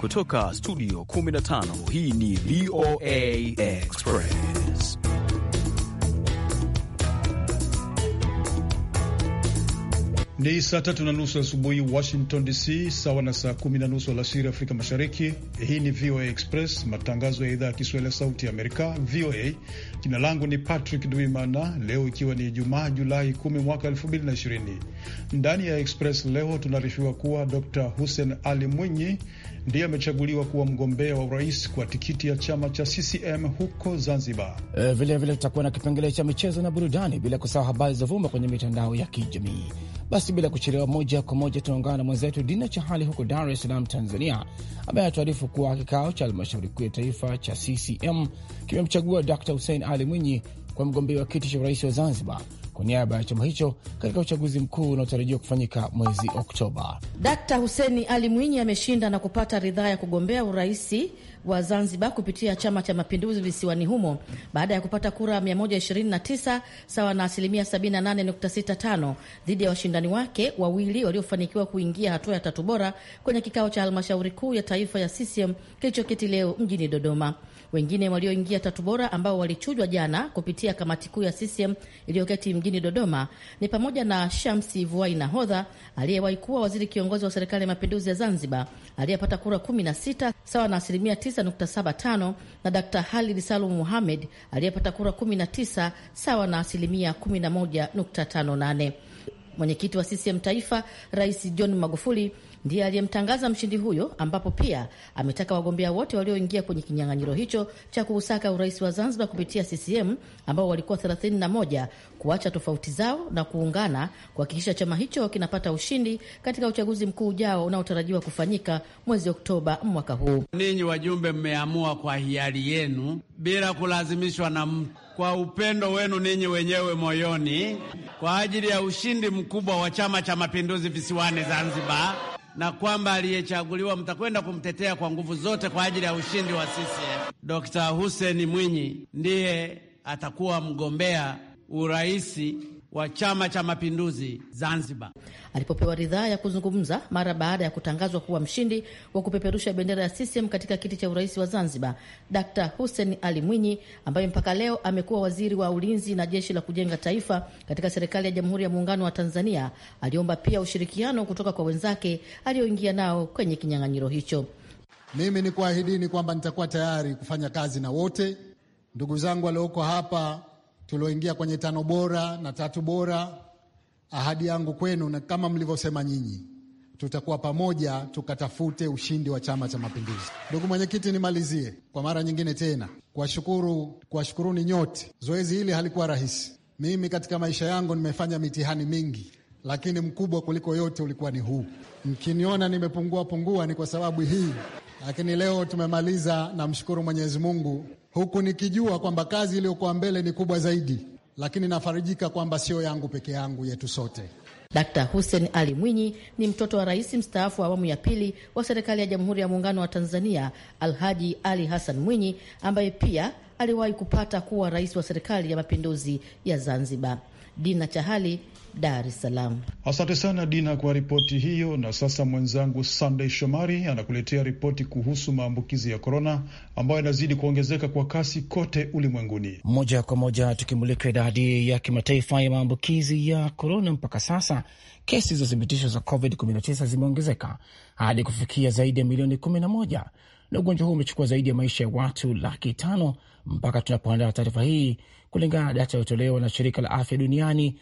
Kutoka studio 15 hii ni VOA Express. Ni saa tatu na nusu asubuhi Washington DC, sawa na saa kumi na nusu alasiri Afrika Mashariki. Hii ni VOA Express, matangazo ya idhaa ya Kiswahili ya Sauti ya Amerika, VOA. Jina langu ni Patrick Duimana. Leo ikiwa ni Ijumaa, Julai 10 mwaka 2020, ndani ya Express leo tunaarifiwa kuwa Dr Hussein Ali Mwinyi ndiye amechaguliwa kuwa mgombea wa urais kwa tikiti ya chama cha CCM huko Zanzibar. Vilevile vile tutakuwa na kipengele cha michezo na burudani, bila kusahau habari za vuma kwenye mitandao ya kijamii. Basi bila kuchelewa, moja kwa moja tunaungana na mwenzetu Dina Chahali huko Dar es Salaam, Tanzania, ambaye anatuarifu kuwa kikao cha halmashauri kuu ya taifa cha CCM kimemchagua Dr Hussein Ali Mwinyi kwa mgombea wa kiti cha urais wa Zanzibar kwa niaba ya chama hicho katika uchaguzi mkuu unaotarajiwa kufanyika mwezi Oktoba. Dkt. huseni Ali Mwinyi ameshinda na kupata ridhaa ya kugombea uraisi wa Zanzibar kupitia Chama cha Mapinduzi visiwani humo baada ya kupata kura 129 sawa na asilimia 78.65 dhidi ya washindani wake wawili waliofanikiwa kuingia hatua ya tatu bora kwenye kikao cha halmashauri kuu ya taifa ya CCM kilichoketi leo mjini Dodoma. Wengine walioingia tatu bora ambao walichujwa jana kupitia kamati kuu ya CCM iliyoketi mjini Dodoma ni pamoja na Shamsi Vuai Nahodha aliyewahi kuwa waziri kiongozi wa serikali ya mapinduzi ya Zanzibar aliyepata kura 16 sawa na asilimia 9.75 na Dr Halid Salum Muhamed aliyepata kura 19 sawa na asilimia 11.58. Mwenyekiti wa CCM Taifa, Rais John Magufuli ndiye aliyemtangaza mshindi huyo, ambapo pia ametaka wagombea wote walioingia kwenye kinyang'anyiro hicho cha kuusaka urais wa Zanzibar kupitia CCM ambao walikuwa 31 kuacha tofauti zao na kuungana kuhakikisha chama hicho kinapata ushindi katika uchaguzi mkuu ujao unaotarajiwa kufanyika mwezi Oktoba mwaka huu. Ninyi wajumbe, mmeamua kwa hiari yenu bila kulazimishwa na mtu, kwa upendo wenu ninyi wenyewe moyoni, kwa ajili ya ushindi mkubwa wa Chama cha Mapinduzi visiwani Zanzibar na kwamba aliyechaguliwa mtakwenda kumtetea kwa nguvu zote kwa ajili ya ushindi wa CCM. Dr. Hussein Mwinyi ndiye atakuwa mgombea uraisi wa Chama cha Mapinduzi Zanzibar alipopewa ridhaa ya kuzungumza mara baada ya kutangazwa kuwa mshindi wa kupeperusha bendera ya CCM katika kiti cha urais wa Zanzibar, dkt Hussein Ali Mwinyi ambaye mpaka leo amekuwa waziri wa ulinzi na jeshi la kujenga taifa katika serikali ya Jamhuri ya Muungano wa Tanzania, aliomba pia ushirikiano kutoka kwa wenzake aliyoingia nao kwenye kinyang'anyiro hicho. Mimi nikuahidini kwamba nitakuwa tayari kufanya kazi na wote ndugu zangu walioko hapa tulioingia kwenye tano bora na tatu bora, ahadi yangu kwenu na kama mlivyosema nyinyi, tutakuwa pamoja tukatafute ushindi wa Chama cha Mapinduzi. Ndugu mwenyekiti, nimalizie kwa mara nyingine tena kuwashukuru, kuwashukuruni nyote. Zoezi hili halikuwa rahisi. Mimi katika maisha yangu nimefanya mitihani mingi, lakini mkubwa kuliko yote ulikuwa ni huu. Mkiniona nimepungua pungua ni kwa sababu hii, lakini leo tumemaliza. Namshukuru Mwenyezi Mungu huku nikijua kwamba kazi iliyokuwa mbele ni kubwa zaidi, lakini nafarijika kwamba sio yangu peke yangu, yetu sote. Dr. Hussein Ali Mwinyi ni mtoto wa rais mstaafu wa awamu ya pili wa serikali ya Jamhuri ya Muungano wa Tanzania Alhaji Ali Hassan Mwinyi, ambaye pia aliwahi kupata kuwa rais wa serikali ya mapinduzi ya Zanzibar. Dina Chahali, Dar es Salaam. Asante sana Dina kwa ripoti hiyo. Na sasa mwenzangu Sandey Shomari anakuletea ripoti kuhusu maambukizi ya korona ambayo inazidi kuongezeka kwa kasi kote ulimwenguni. Moja kwa moja tukimulika idadi ya kimataifa ya maambukizi ya korona, mpaka sasa kesi zilizothibitishwa za COVID-19 zimeongezeka hadi kufikia zaidi ya milioni 11 na ugonjwa huu umechukua zaidi ya maisha ya watu laki tano mpaka tunapoandaa taarifa hii, kulingana na data iliyotolewa na shirika la afya duniani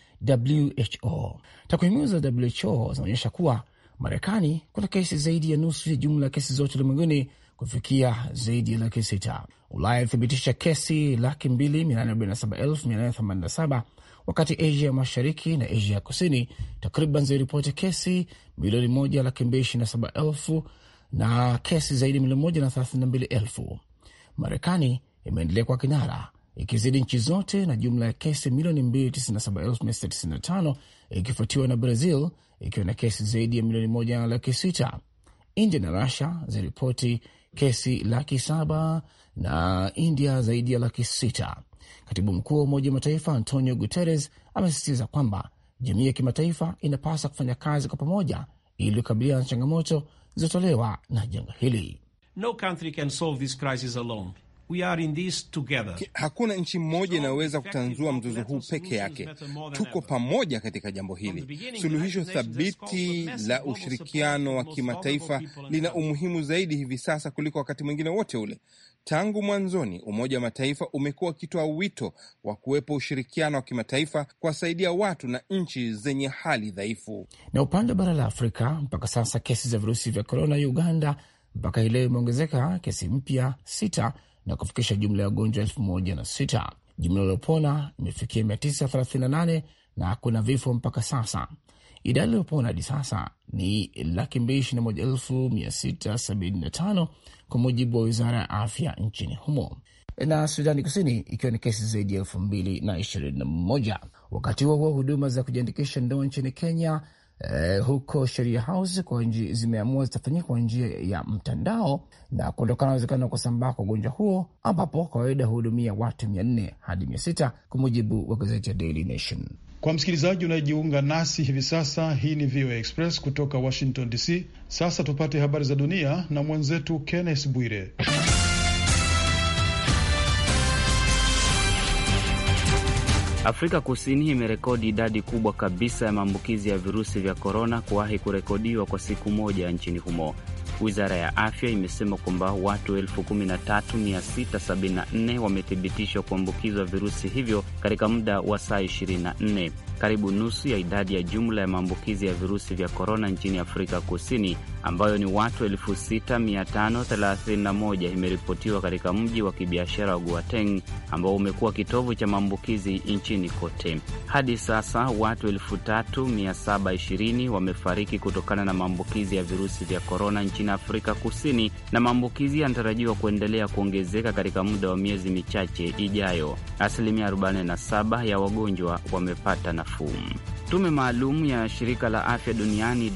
WHO. Takwimu za WHO zinaonyesha kuwa Marekani kuna kesi zaidi ya nusu ya jumla ya kesi zote ulimwenguni kufikia zaidi ya laki sita. Ulaya ilithibitisha kesi laki mbili mia nane arobaini na saba elfu mia nane themanini na saba wakati Asia ya mashariki na Asia ya kusini takriban ziliripoti kesi milioni moja laki mbili ishirini na saba elfu na kesi zaidi milioni moja na thelathini na mbili elfu. Marekani imeendelea kwa kinara ikizidi nchi zote na jumla ya kesi milioni 297,995 ikifuatiwa na Brazil ikiwa na kesi zaidi ya milioni moja laki sita. India na Rusia ziripoti kesi laki saba na India zaidi ya laki sita. Katibu mkuu wa Umoja wa Mataifa Antonio Guterres amesisitiza kwamba jamii ya kimataifa inapaswa kufanya kazi kwa pamoja ili kukabiliana na changamoto zilizotolewa na janga hili. No country can solve this crisis alone. We are in this together. Hakuna nchi mmoja inayoweza kutanzua mzozo huu peke yake. Tuko pamoja katika jambo hili. Suluhisho thabiti la ushirikiano wa kimataifa lina umuhimu zaidi hivi sasa kuliko wakati mwingine wote ule. Tangu mwanzoni, Umoja wa Mataifa umekuwa ukitoa wito wa kuwepo ushirikiano wa kimataifa kuwasaidia watu na nchi zenye hali dhaifu. Na upande wa bara la Afrika, mpaka sasa kesi za virusi vya korona Uganda mpaka hii leo imeongezeka kesi mpya sita na kufikisha jumla ya wagonjwa elfu moja na sita. Jumla iliyopona imefikia 938 na hakuna vifo mpaka sasa. Idadi iliyopona hadi sasa ni laki mbili ishirini na moja elfu mia sita sabini na tano kwa mujibu wa wizara ya afya nchini humo, na Sudani Kusini ikiwa ni kesi zaidi ya elfu mbili na ishirini na moja. Wakati huo huo, huduma za kujiandikisha ndoa nchini Kenya eh, huko Sheria House kwa nji, zimeamua zitafanyika kwa njia ya mtandao na kuondokana uwezekano kusambaa kwa ugonjwa huo ambapo kwa kawaida huhudumia watu mia nne hadi mia sita kwa mujibu wa gazeti ya Daily Nation. Kwa msikilizaji unayejiunga nasi hivi sasa, hii ni VOA Express kutoka Washington DC. Sasa tupate habari za dunia na mwenzetu Kenneth Bwire. Afrika Kusini imerekodi idadi kubwa kabisa ya maambukizi ya virusi vya korona kuwahi kurekodiwa kwa siku moja nchini humo. Wizara ya afya imesema kwamba watu 13674 wamethibitishwa kuambukizwa virusi hivyo katika muda wa saa 24 karibu nusu ya idadi ya jumla ya maambukizi ya virusi vya korona nchini Afrika Kusini, ambayo ni watu 6531 imeripotiwa katika mji wa kibiashara wa Guateng ambao umekuwa kitovu cha maambukizi nchini kote. Hadi sasa watu 3720 wamefariki kutokana na maambukizi ya virusi vya korona nchini Afrika Kusini, na maambukizi yanatarajiwa kuendelea kuongezeka katika muda wa miezi michache ijayo. Asilimia 47 ya wagonjwa wamepata na nafuu. Tume maalum ya shirika la afya duniani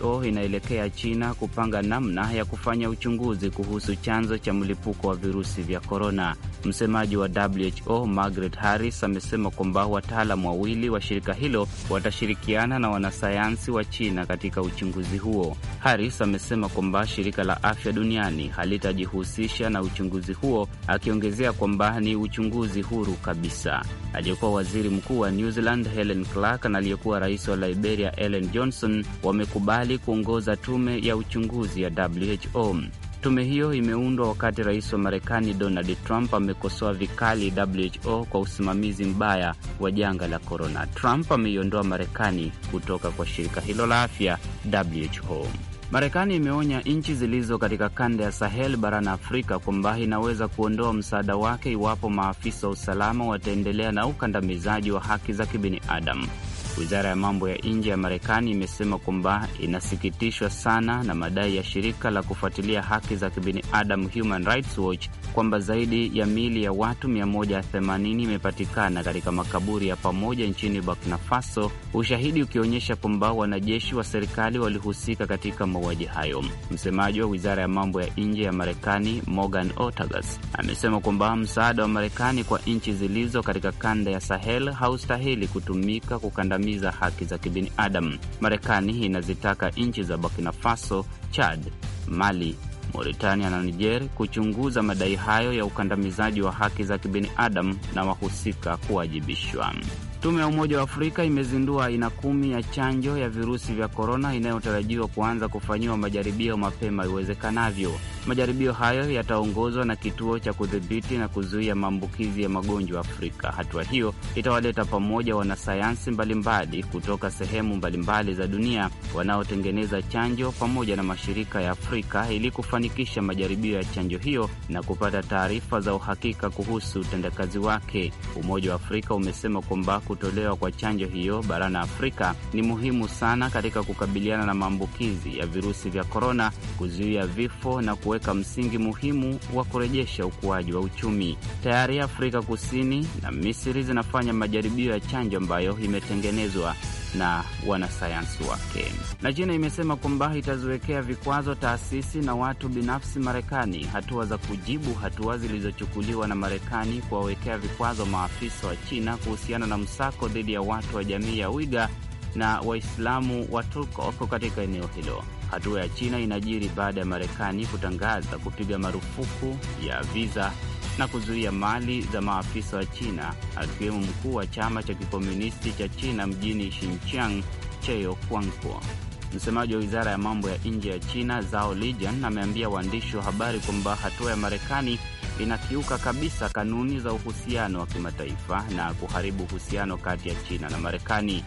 WHO inaelekea China kupanga namna ya kufanya uchunguzi kuhusu chanzo cha mlipuko wa virusi vya korona. Msemaji wa WHO Margaret Harris amesema kwamba wataalamu wawili wa shirika hilo watashirikiana na wanasayansi wa China katika uchunguzi huo. Harris amesema kwamba shirika la afya duniani halitajihusisha na uchunguzi huo, akiongezea kwamba ni uchunguzi huru kabisa. Aliyekuwa waziri mkuu wa New Zealand Helen Stephen Clark na aliyekuwa rais wa Liberia Ellen Johnson wamekubali kuongoza tume ya uchunguzi ya WHO. Tume hiyo imeundwa wakati rais wa Marekani Donald Trump amekosoa vikali WHO kwa usimamizi mbaya wa janga la korona. Trump ameiondoa Marekani kutoka kwa shirika hilo la afya WHO. Marekani imeonya nchi zilizo katika kanda ya Sahel barani Afrika kwamba inaweza kuondoa msaada wake iwapo maafisa wa usalama wataendelea na ukandamizaji wa haki za kibinadamu. Wizara ya mambo ya nje ya Marekani imesema kwamba inasikitishwa sana na madai ya shirika la kufuatilia haki za kibinadamu Human Rights Watch kwamba zaidi ya miili ya watu 180 imepatikana katika makaburi ya pamoja nchini Burkina Faso, ushahidi ukionyesha kwamba wanajeshi wa serikali walihusika katika mauaji hayo. Msemaji wa wizara ya mambo ya nje ya Marekani Morgan Ortagus amesema kwamba msaada wa Marekani kwa nchi zilizo katika kanda ya Sahel haustahili kutumika kukandamiza kukandamiza haki za kibinadamu. Marekani inazitaka nchi za Burkina Faso, Chad, Mali, Mauritania na Niger kuchunguza madai hayo ya ukandamizaji wa haki za kibinadamu na wahusika kuwajibishwa. Tume ya Umoja wa Afrika imezindua aina kumi ya chanjo ya virusi vya korona inayotarajiwa kuanza kufanyiwa majaribio mapema iwezekanavyo. Majaribio hayo yataongozwa na kituo cha kudhibiti na kuzuia maambukizi ya magonjwa Afrika. Hatua hiyo itawaleta pamoja wanasayansi mbalimbali kutoka sehemu mbalimbali za dunia wanaotengeneza chanjo pamoja na mashirika ya Afrika ili kufanikisha majaribio ya chanjo hiyo na kupata taarifa za uhakika kuhusu utendakazi wake. Umoja wa Afrika umesema kwamba kutolewa kwa chanjo hiyo barani Afrika ni muhimu sana katika kukabiliana na maambukizi ya virusi vya korona, kuzuia vifo na kuweka msingi muhimu wa kurejesha ukuaji wa uchumi. Tayari Afrika Kusini na Misri zinafanya majaribio ya chanjo ambayo imetengenezwa na wanasayansi wake. Na China imesema kwamba itaziwekea vikwazo taasisi na watu binafsi Marekani, hatua za kujibu hatua zilizochukuliwa na Marekani kuwawekea vikwazo maafisa wa China kuhusiana na msako dhidi ya watu wa jamii ya Uiga na Waislamu wa wako katika eneo hilo. Hatua ya China inajiri baada ya Marekani kutangaza kupiga marufuku ya viza na kuzuia mali za maafisa wa China akiwemo mkuu wa chama cha kikomunisti cha China mjini Xinjiang, Cheo Kuangkuo. Msemaji wa wizara ya mambo ya nje ya China Zao Lijian ameambia waandishi wa habari kwamba hatua ya Marekani inakiuka kabisa kanuni za uhusiano wa kimataifa na kuharibu uhusiano kati ya China na Marekani.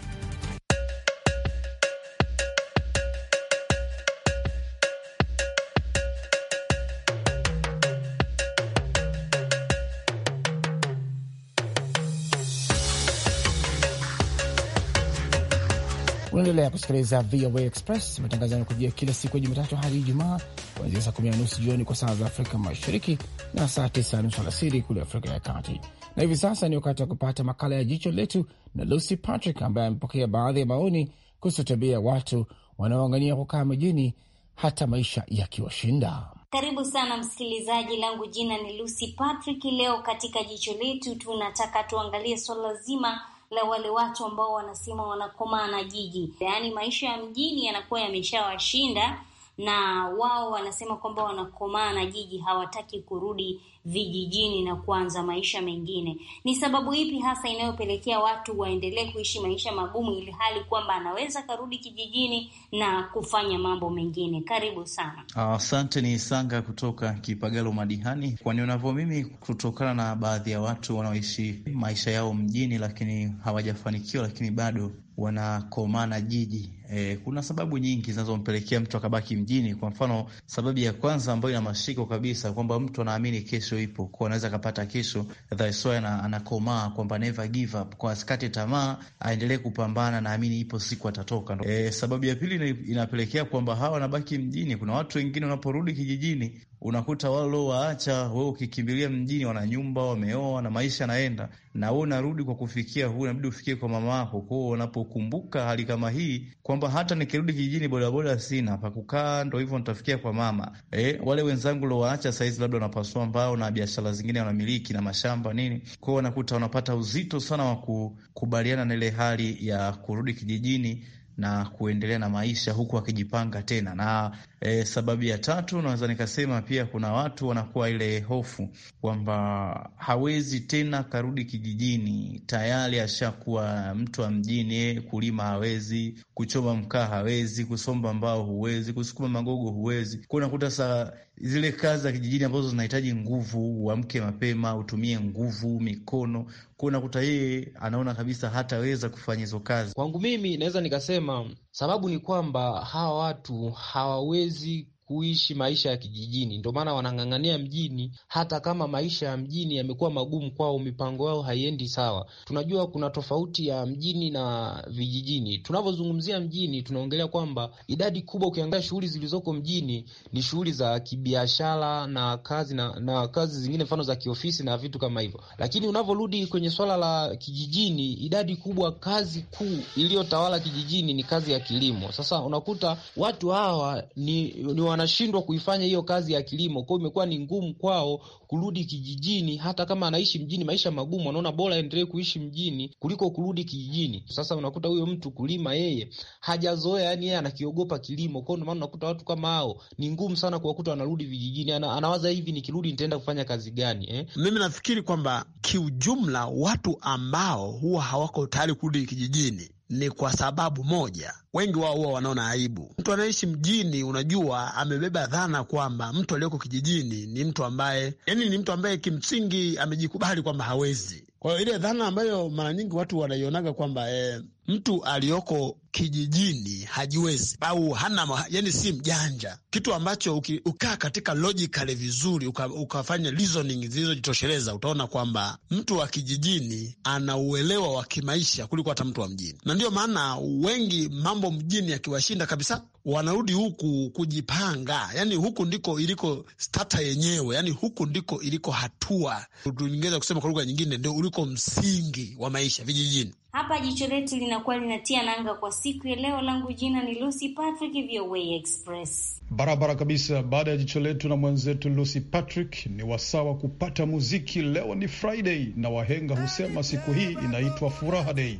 Endelea kusikiliza VOA Express, matangazo yanakujia kila siku ya Jumatatu hadi Ijumaa, kuanzia saa kumi na nusu jioni kwa saa za Afrika Mashariki na saa tisa na nusu alasiri kule Afrika ya Kati. Na hivi sasa ni wakati wa kupata makala ya Jicho Letu na Lucy Patrick ambaye amepokea baadhi ya maoni kuhusu tabia ya watu wanaoangania kukaa mijini hata maisha yakiwashinda. Karibu sana msikilizaji, langu jina ni Lucy Patrick. Leo katika Jicho Letu tunataka tuangalie swala zima la wale watu ambao wanasema wanakomaa na jiji, yaani maisha ya mjini yanakuwa yameshawashinda na wao wanasema kwamba wanakomaa na jiji, hawataki kurudi vijijini na kuanza maisha mengine. Ni sababu ipi hasa inayopelekea watu waendelee kuishi maisha magumu, ili hali kwamba anaweza karudi kijijini na kufanya mambo mengine? Karibu sana. Asante. ni Sanga kutoka Kipagalo Madihani. Kwa nionavyo mimi, kutokana na baadhi ya watu wanaoishi maisha yao mjini, lakini hawajafanikiwa, lakini bado wanakomana jiji. E, kuna sababu nyingi zinazompelekea mtu akabaki mjini. Kwa mfano, sababu ya kwanza ambayo ina mashiko kabisa kwamba mtu anaamini kesho ipo, kwa anaweza akapata kesho, that's why anakomaa kwamba never give up, kwa asikate tamaa, aendelee kupambana, naamini ipo siku atatoka. E, sababu ya pili inapelekea kwamba hawa wanabaki mjini. Kuna watu wengine wanaporudi kijijini unakuta walowaacha we ukikimbilia mjini, wana nyumba, wameoa na maisha yanaenda, na we unarudi kwa kufikia huu, inabidi ufikie kwa mama yako. Kwao unapokumbuka hali kama hii, kwamba hata nikirudi kijijini, bodaboda sina pa kukaa, ndo hivyo nitafikia kwa mama e, wale wenzangu lowaacha sahizi labda wanapasua mbao na biashara zingine wanamiliki na mashamba nini. Kwao wanakuta wanapata uzito sana wa kukubaliana na ile hali ya kurudi kijijini na kuendelea na maisha huku akijipanga tena. Na e, sababu ya tatu naweza nikasema pia kuna watu wanakuwa ile hofu kwamba hawezi tena karudi kijijini, tayari ashakuwa mtu wa mjini. Kulima hawezi, kuchoma mkaa hawezi, kusomba mbao huwezi, kusukuma magogo huwezi. Kunakuta saa zile kazi za kijijini ambazo zinahitaji nguvu, uamke mapema, utumie nguvu, mikono ko, unakuta yeye anaona kabisa hataweza kufanya hizo kazi. Kwangu mimi naweza nikasema sababu ni kwamba hawa watu hawawezi kuishi maisha ya kijijini, ndio maana wanang'ang'ania mjini, hata kama maisha ya mjini yamekuwa magumu kwao, mipango yao haiendi sawa. Tunajua kuna tofauti ya mjini na vijijini. Tunavyozungumzia mjini, tunaongelea kwamba idadi kubwa, ukiangalia shughuli zilizoko mjini ni shughuli za kibiashara na kazi na, na kazi zingine mfano za kiofisi na vitu kama hivyo, lakini unavyorudi kwenye swala la kijijini, idadi kubwa, kazi kuu iliyotawala kijijini ni kazi ya kilimo. Sasa unakuta watu hawa ni, ni wanashindwa kuifanya hiyo kazi ya kilimo. Kwa hiyo imekuwa ni ngumu kwao kurudi kijijini, hata kama anaishi mjini, maisha magumu, anaona bora aendelee kuishi mjini kuliko kurudi kijijini. Sasa unakuta huyo mtu kulima, yeye hajazoea, yani yeye anakiogopa kilimo. Kwa hiyo ndio maana unakuta watu kama hao ni ngumu sana kuwakuta wanarudi vijijini. Ana, anawaza hivi, nikirudi nitaenda kufanya kazi gani eh? Mimi nafikiri kwamba kiujumla, watu ambao huwa hawako tayari kurudi kijijini ni kwa sababu moja, wengi wao huwa wanaona aibu. Mtu anaishi mjini, unajua, amebeba dhana kwamba mtu aliyoko kijijini ni mtu ambaye, yani, ni mtu ambaye kimsingi amejikubali kwamba hawezi. Kwa hiyo ile dhana ambayo mara nyingi watu wanaionaga kwamba e, mtu aliyoko kijijini hajiwezi au hana, yani si mjanja, kitu ambacho ukikaa katika logically vizuri uka, ukafanya reasoning zilizojitosheleza utaona kwamba mtu wa kijijini ana uelewa wa kimaisha kuliko hata mtu wa mjini, na ndiyo maana wengi mambo mjini yakiwashinda kabisa wanarudi huku kujipanga, yani huku ndiko iliko stata yenyewe, yani huku ndiko iliko hatua, tuingeza kusema kwa lugha nyingine, ndio uliko msingi wa maisha vijijini. Hapa jicho letu linakuwa linatia nanga kwa siku ya leo. Langu jina ni Lucy Patrick, VOA Express, barabara kabisa. Baada ya jicho letu na mwenzetu Lucy Patrick, ni wasawa kupata muziki. Leo ni Friday na wahenga husema siku hii inaitwa furaha dei.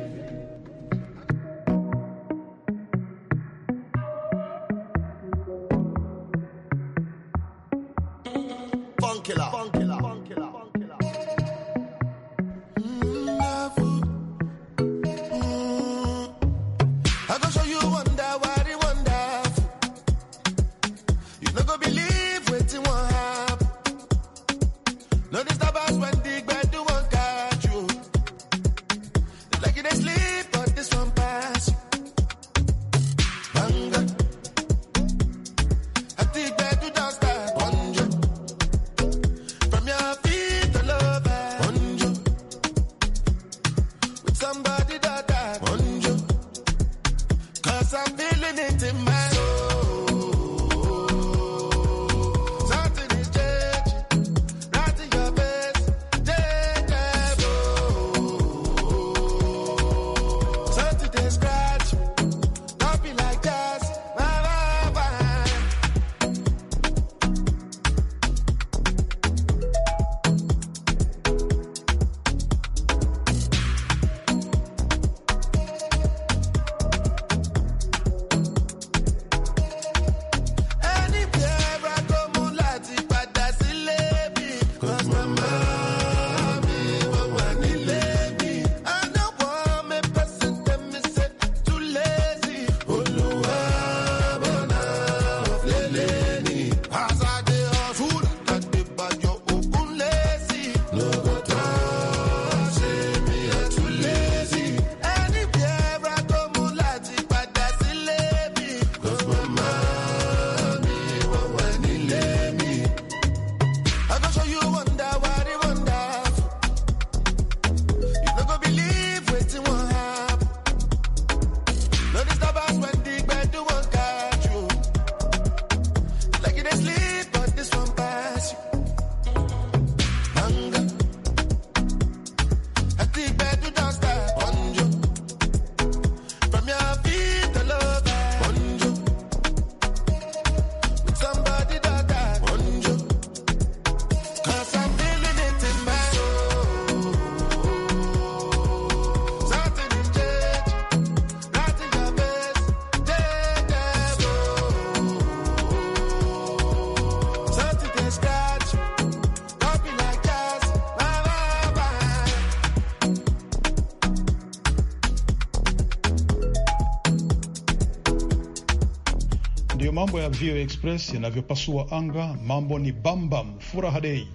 VOA Express yanavyopasua anga, mambo ni bambam, furaha dei.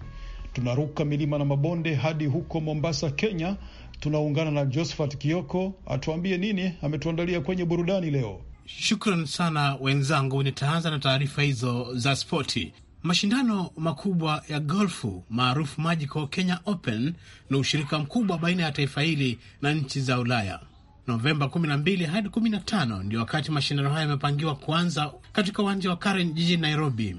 Tunaruka milima na mabonde hadi huko Mombasa, Kenya. Tunaungana na Josephat Kioko atuambie nini ametuandalia kwenye burudani leo. Shukran sana wenzangu, nitaanza na taarifa hizo za spoti. Mashindano makubwa ya golfu maarufu Magical Kenya Open ni ushirika mkubwa baina ya taifa hili na nchi za Ulaya. Novemba 12 hadi 15 ndio wakati mashindano hayo yamepangiwa kuanza katika uwanja wa Karen jijini Nairobi,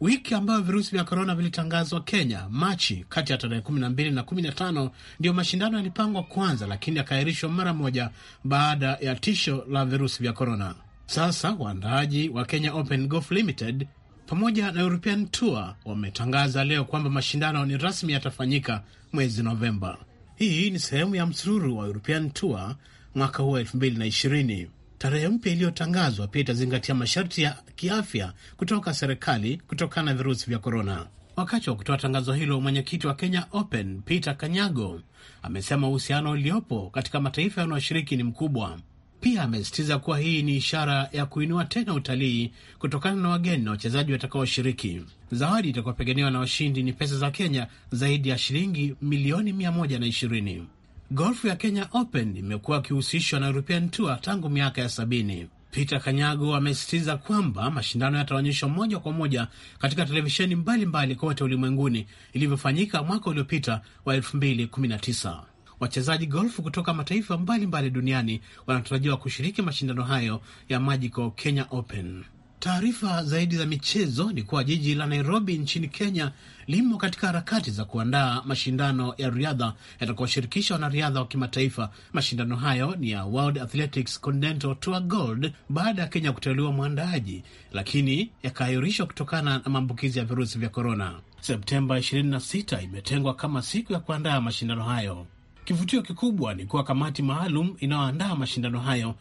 wiki ambayo virusi vya korona vilitangazwa Kenya Machi. Kati ya tarehe 12 na 15 ndiyo mashindano yalipangwa kwanza lakini yakaahirishwa mara moja baada ya tisho la virusi vya korona. Sasa waandaaji wa Kenya Open Golf Limited pamoja na European Tour wametangaza leo kwamba mashindano ni rasmi yatafanyika mwezi Novemba. Hii ni sehemu ya msururu wa European Tour mwaka huu elfu mbili na ishirini. Tarehe mpya iliyotangazwa pia itazingatia masharti ya kiafya kutoka serikali kutokana na virusi vya korona. Wakati wa kutoa tangazo hilo, mwenyekiti wa Kenya Open Peter Kanyago amesema uhusiano uliopo katika mataifa yanayoshiriki ni mkubwa. Pia amesisitiza kuwa hii ni ishara ya kuinua tena utalii kutokana na wageni na wachezaji watakaoshiriki. Zawadi itakayopiganiwa na washindi ni pesa za Kenya zaidi ya shilingi milioni mia moja na ishirini. Golfu ya Kenya Open imekuwa ikihusishwa na European Tour tangu miaka ya sabini. Peter Kanyago amesisitiza kwamba mashindano yataonyeshwa moja kwa moja katika televisheni mbalimbali kote ulimwenguni ilivyofanyika mwaka uliopita wa 2019. Wachezaji golfu kutoka mataifa mbalimbali mbali duniani wanatarajiwa kushiriki mashindano hayo ya Magical Kenya Open. Taarifa zaidi za michezo ni kuwa jiji la Nairobi nchini Kenya limo katika harakati za kuandaa mashindano ya riadha yatakuwashirikisha wanariadha wa kimataifa. Mashindano hayo ni ya World Athletics Continental Tour Gold baada ya Kenya kuteuliwa mwandaaji, lakini yakaahirishwa kutokana na maambukizi ya virusi vya korona. Septemba 26 imetengwa kama siku ya kuandaa mashindano hayo. Kivutio kikubwa ni kuwa kamati maalum inayoandaa mashindano hayo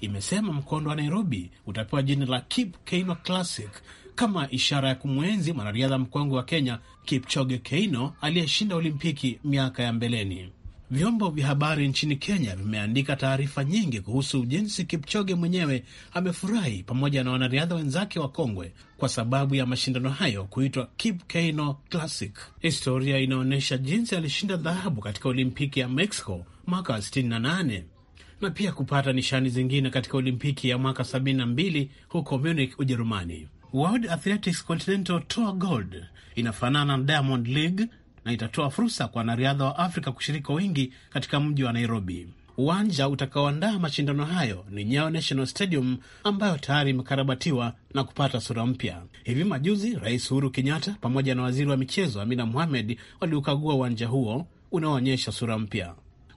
imesema mkondo wa Nairobi utapewa jina la Kip Keino Classic kama ishara ya kumwenzi mwanariadha mkongwe wa Kenya Kipchoge Keino aliyeshinda Olimpiki miaka ya mbeleni. Vyombo vya habari nchini Kenya vimeandika taarifa nyingi kuhusu jinsi Kipchoge mwenyewe amefurahi pamoja na wanariadha wenzake wa kongwe kwa sababu ya mashindano hayo kuitwa Kip Keino Classic. Historia inaonyesha jinsi alishinda dhahabu katika Olimpiki ya Mexico mwaka wa 68 na pia kupata nishani zingine katika Olimpiki ya mwaka 72 huko Munich, Ujerumani. World Athletics Continental Tour Gold inafanana na Diamond League na itatoa fursa kwa wanariadha wa Afrika kushiriki wingi katika mji wa Nairobi. Uwanja utakaoandaa mashindano hayo ni Nyayo National Stadium ambayo tayari imekarabatiwa na kupata sura mpya. Hivi majuzi, Rais Uhuru Kenyatta pamoja na waziri wa michezo Amina Mohamed waliukagua uwanja huo unaoonyesha sura mpya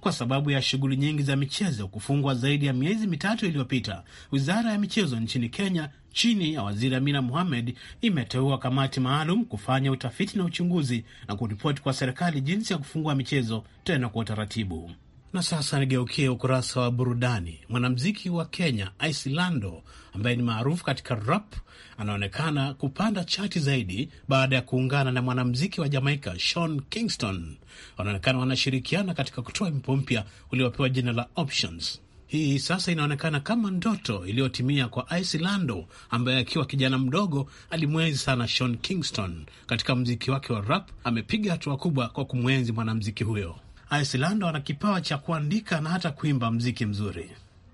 kwa sababu ya shughuli nyingi za michezo kufungwa zaidi ya miezi mitatu iliyopita. Wizara ya michezo nchini Kenya chini ya Waziri Amina Mohamed imeteua kamati maalum kufanya utafiti na uchunguzi na kuripoti kwa serikali jinsi ya kufungua michezo tena kwa utaratibu. Na sasa nigeukie ukurasa wa burudani. Mwanamziki wa Kenya Icelando ambaye ni maarufu katika rap anaonekana kupanda chati zaidi baada ya kuungana na mwanamziki wa Jamaika Sean Kingston. Wanaonekana wanashirikiana katika kutoa wimbo mpya uliopewa jina la Options. Hii sasa inaonekana kama ndoto iliyotimia kwa Icelando ambaye akiwa kijana mdogo alimwenzi sana Sean Kingston. Katika mziki wake wa rap amepiga hatua kubwa kwa kumwenzi mwanamziki huyo. Iceland wana kipawa cha kuandika na hata kuimba mziki mzuri.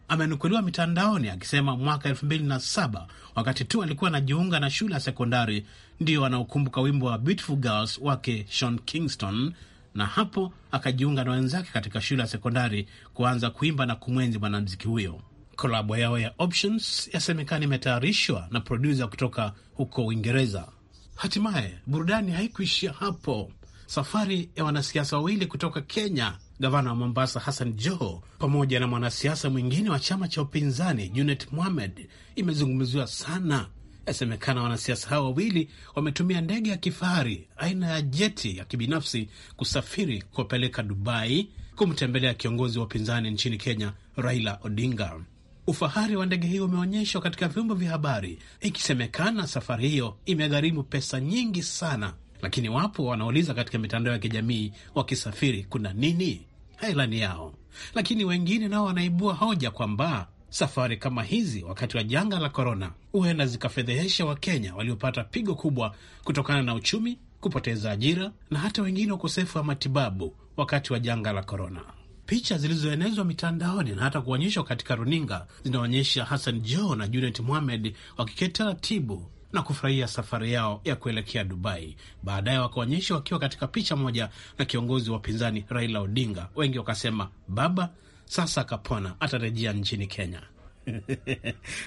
Amenukuliwa mitandaoni akisema mwaka elfu mbili na saba wakati tu alikuwa anajiunga na shule ya sekondari, ndiyo anaokumbuka wimbo wa Beautiful Girls wake Sean Kingston, na hapo akajiunga na wenzake katika shule ya sekondari kuanza kuimba na kumwenzi mwanamziki huyo. Kolabo yao ya Options yasemekana imetayarishwa na produsa kutoka huko Uingereza. Hatimaye burudani haikuishia hapo safari ya wanasiasa wawili kutoka Kenya, gavana wa Mombasa Hassan Joho pamoja na mwanasiasa mwingine wa chama cha upinzani Junet Mohamed imezungumziwa sana. Yasemekana wanasiasa hao wawili wametumia ndege ya kifahari aina ya jeti ya kibinafsi kusafiri kuwapeleka Dubai kumtembelea kiongozi wa upinzani nchini Kenya, Raila Odinga. Ufahari wa ndege hiyo umeonyeshwa katika vyombo vya habari, ikisemekana safari hiyo imegharimu pesa nyingi sana lakini wapo wanauliza katika mitandao ya kijamii wakisafiri, kuna nini hailani yao. Lakini wengine nao wanaibua hoja kwamba safari kama hizi wakati wa janga la korona huenda zikafedhehesha Wakenya waliopata pigo kubwa kutokana na uchumi kupoteza ajira na hata wengine ukosefu wa matibabu wakati wa janga la korona. Picha zilizoenezwa mitandaoni na hata kuonyeshwa katika runinga zinaonyesha Hassan Jo na Junet Mohamed wakiketi taratibu na kufurahia safari yao ya kuelekea Dubai. Baadaye wakaonyesha wakiwa katika picha moja na kiongozi wa upinzani Raila Odinga. Wengi wakasema baba sasa akapona, atarejea nchini Kenya.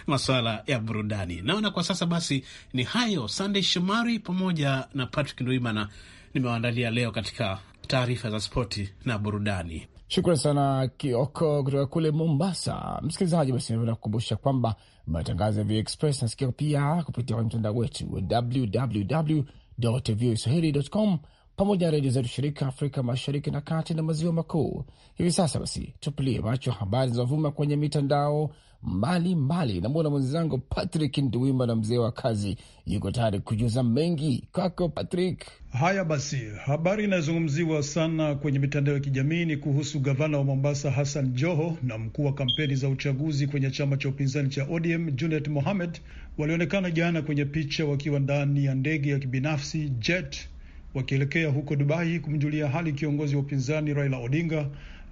Masuala ya burudani, naona kwa sasa basi ni hayo. Sandey Shomari pamoja na Patrick Ndwimana nimewaandalia leo katika taarifa za spoti na burudani. Shukran sana Kioko kutoka kule Mombasa. Msikilizaji, basi napenda kukumbusha kwamba Matangazo ya VOA Express nasikia pia kupitia kwenye mtandao wetu wa www voa swahilicom, pamoja na redio zetu shirika Afrika Mashariki na kati na maziwa makuu. Hivi sasa basi, tupilie macho habari zinazovuma kwenye mitandao mbali mbali Namwona mwenzangu Patrick Nduwima na mzee wa kazi yuko tayari kujuza mengi. Kwako Patrick. Haya basi, habari inayozungumziwa sana kwenye mitandao ya kijamii ni kuhusu gavana wa Mombasa Hassan Joho na mkuu wa kampeni za uchaguzi kwenye chama cha upinzani cha ODM Junet Mohamed walionekana jana kwenye picha wakiwa ndani ya ndege ya kibinafsi jet wakielekea huko Dubai kumjulia hali kiongozi wa upinzani Raila Odinga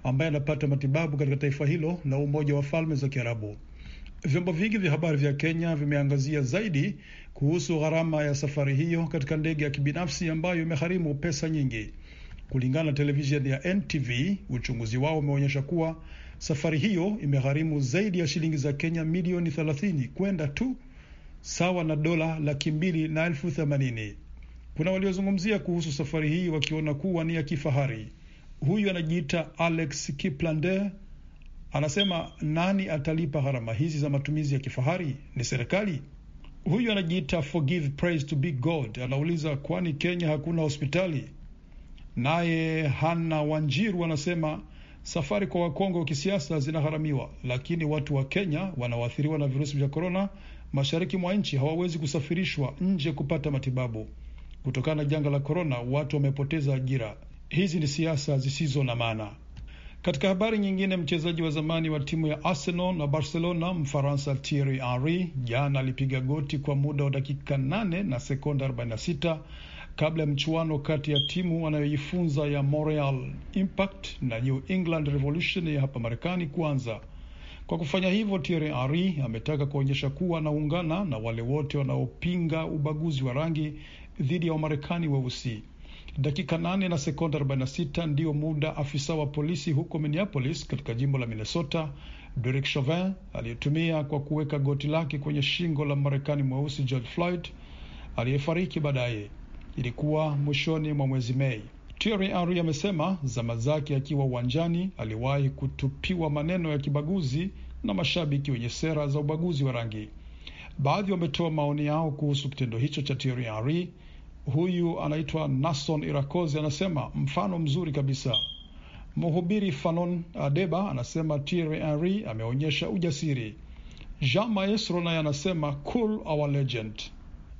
ambaye anapata matibabu katika taifa hilo la Umoja wa Falme za Kiarabu. Vyombo vingi vya habari vya Kenya vimeangazia zaidi kuhusu gharama ya safari hiyo katika ndege ya kibinafsi ambayo imegharimu pesa nyingi. Kulingana na televisheni ya NTV, uchunguzi wao umeonyesha kuwa safari hiyo imegharimu zaidi ya shilingi za Kenya milioni 30 kwenda tu, sawa na dola laki mbili na elfu themanini. Kuna waliozungumzia kuhusu safari hii wakiona kuwa ni ya kifahari huyu anajiita Alex Kiplander anasema, nani atalipa gharama hizi za matumizi ya kifahari? Ni serikali? Huyu anajiita Forgive Praise to be God anauliza, kwani Kenya hakuna hospitali? Naye Hanna Wanjiru anasema safari kwa wakongo kisiasa zinagharamiwa, lakini watu wa Kenya wanaoathiriwa na virusi vya korona mashariki mwa nchi hawawezi kusafirishwa nje kupata matibabu. Kutokana na janga la korona, watu wamepoteza ajira. Hizi ni siasa zisizo na maana. Katika habari nyingine, mchezaji wa zamani wa timu ya Arsenal na Barcelona Mfaransa Thierry Henry jana alipiga goti kwa muda wa dakika 8 na sekonda 46 kabla ya mchuano kati ya timu anayoifunza ya Montreal Impact na New England Revolution ya hapa Marekani kuanza. Kwa kufanya hivyo, Thierry Henry ametaka kuonyesha kuwa anaungana na wale wote wanaopinga ubaguzi wa rangi dhidi ya Wamarekani weusi wa Dakika nane na sekonda 46 ndiyo muda afisa wa polisi huko Minneapolis katika jimbo la Minnesota Derek Chauvin aliyetumia kwa kuweka goti lake kwenye shingo la Marekani mweusi George Floyd aliyefariki baadaye. Ilikuwa mwishoni mwa mwezi Mei. Thierry Henry amesema zama zake akiwa uwanjani aliwahi kutupiwa maneno ya kibaguzi na mashabiki wenye sera za ubaguzi wa rangi. Baadhi wametoa maoni yao kuhusu kitendo hicho cha Thierry Henry Huyu anaitwa Nason Irakozi, anasema mfano mzuri kabisa. Mhubiri Fanon Adeba anasema Thierry Henry ameonyesha ujasiri. Jean Maestro naye anasema cool our legend.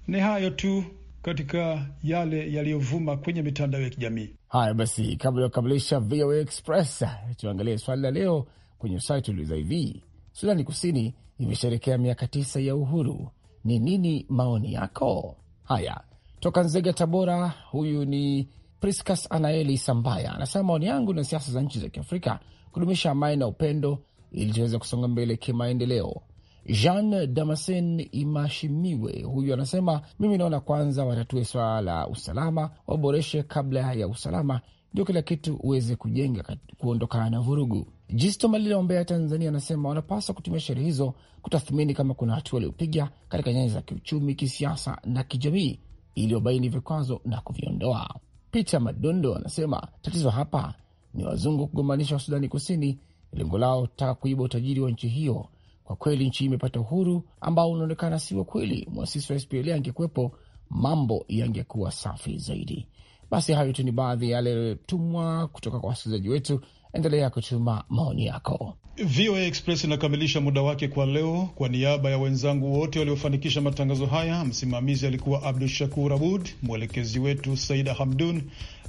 Ni hayo tu katika yale yaliyovuma kwenye mitandao ya kijamii. Haya basi, kabla ya kukamilisha VOA Express, tuangalie swali la leo kwenye site. Tuliuliza hivi, Sudani Kusini imesherekea miaka tisa ya uhuru, ni nini maoni yako? Haya, Toka Nzega, Tabora, huyu ni Priscas Anaeli Sambaya, anasema maoni yangu na siasa za nchi za Kiafrika kudumisha amani na upendo ili tuweze kusonga mbele kimaendeleo. Jean Damasen Imashimiwe huyu anasema mimi naona kwanza watatue swala la usalama, waboreshe kabla ya usalama ndio kila kitu uweze kujenga, kuondokana na vurugu. Jisto Malila Ombea, Tanzania, anasema wanapaswa kutumia sherehe hizo kutathmini kama kuna hatua waliopiga katika nyanja za kiuchumi, kisiasa na kijamii iliyobaini vikwazo na kuviondoa. Peter Madondo anasema tatizo hapa ni wazungu kugombanisha Sudani Kusini, lengo lao taka kuiba utajiri wa nchi hiyo. Kwa kweli nchi imepata uhuru ambao unaonekana si wa kweli. Mwasisi wa SPLA angekuwepo, mambo yangekuwa safi zaidi. Basi hayo tu ni baadhi ya yaliyotumwa kutoka kwa wasikilizaji wetu, Endelea kutuma maoni yako. VOA Express inakamilisha muda wake kwa leo. Kwa niaba ya wenzangu wote waliofanikisha matangazo haya, msimamizi alikuwa Abdu Shakur Abud, mwelekezi wetu Saida Hamdun.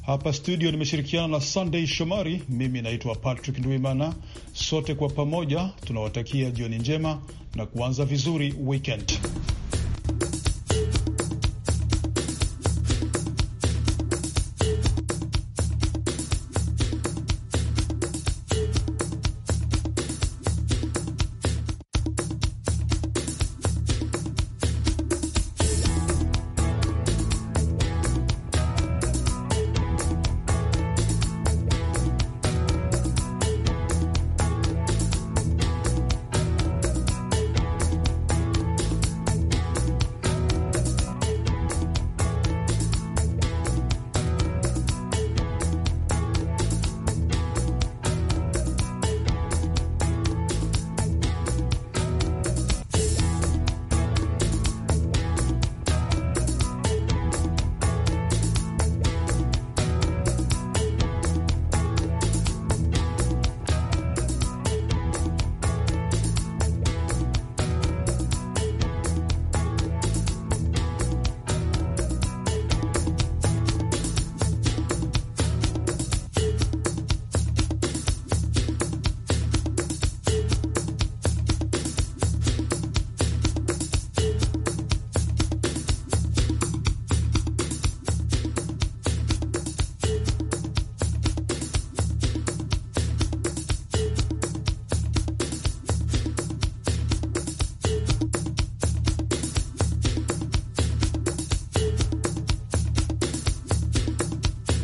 Hapa studio nimeshirikiana na Sunday Shomari. Mimi naitwa Patrick Ndwimana. Sote kwa pamoja tunawatakia jioni njema na kuanza vizuri weekend.